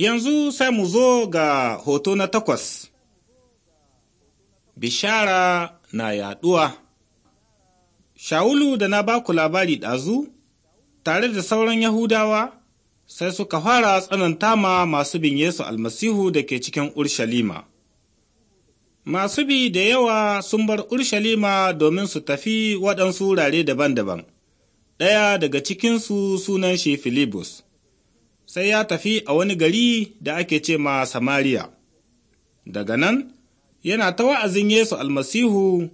Yanzu sai mu zo ga hoto na takwas. Bishara na yaɗuwa Shawulu da na ba ku labari ɗazu, tare da sauran Yahudawa, sai suka fara tsananta ma masu bin Yesu almasihu da ke cikin Urshalima. Masu bi da yawa sun bar Urshalima domin su tafi waɗansu wurare daban-daban, ɗaya daga cikinsu sunan shi Filibus. sai ya tafi a wani gari da ake ce ma Samariya. Daga nan, yana ta wa'azin Yesu almasihu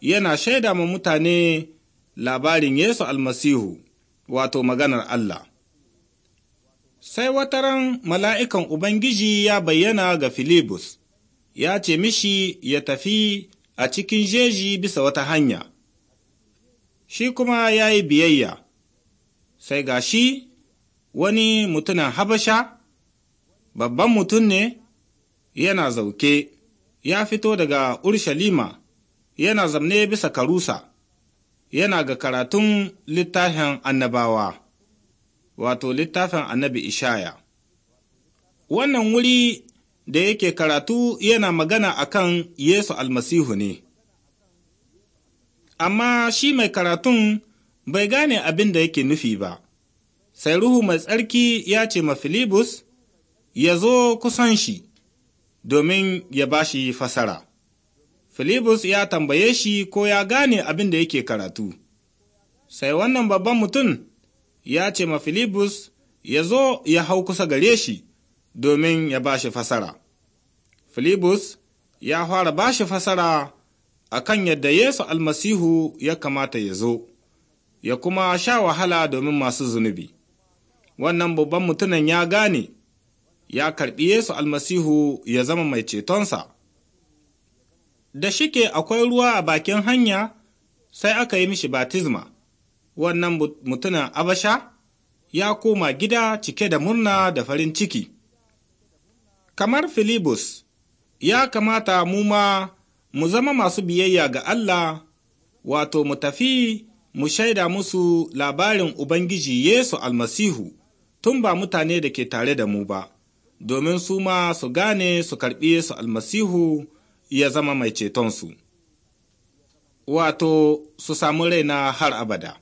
yana shaida ma mutane labarin Yesu almasihu, wato maganar Allah. Sai wata ran mala'ikan Ubangiji ya bayyana ga Filibus, ya ce mishi ya tafi a cikin jeji bisa wata hanya. Shi kuma ya yi biyayya, sai ga shi wani mutumin Habasha, babban mutum ne, yana zauke, ya fito daga Urshalima, yana zamne bisa karusa, yana ga karatun littafin annabawa, wato littafin annabi Ishaya. Wannan wuri da yake karatu yana magana akan Yesu almasihu ne. Amma shi mai karatun bai gane abin da yake nufi ba. sai Ruhu mai tsarki ya ce ma Filibus, ya zo kusan shi, domin ya ba shi fasara. Filibus ya tambaye shi ko ya gane abin da yake karatu. Sai wannan babban mutum ya ce ma Filibus ya zo ya hau kusa gare shi domin ya ba shi fasara. Filibus ya fara ba shi fasara a kan yadda Yesu almasihu ya kamata ya zo, ya kuma sha wahala domin masu zunubi. wannan babban mutunan ya gane ya karɓi Yesu almasihu ya zama mai cetonsa. Da shike akwai ruwa a bakin hanya sai aka yi mishi batizma, wannan mutumin Abasha ya koma gida cike da murna da farin ciki. Kamar Filibus, ya kamata mu ma mu zama masu biyayya ga Allah, wato mu tafi mu shaida musu labarin Ubangiji Yesu almasihu. tun ba mutane da ke tare da mu ba, domin su ma su gane su karɓi su almasihu ya zama mai cetonsu, wato su samu raina har abada.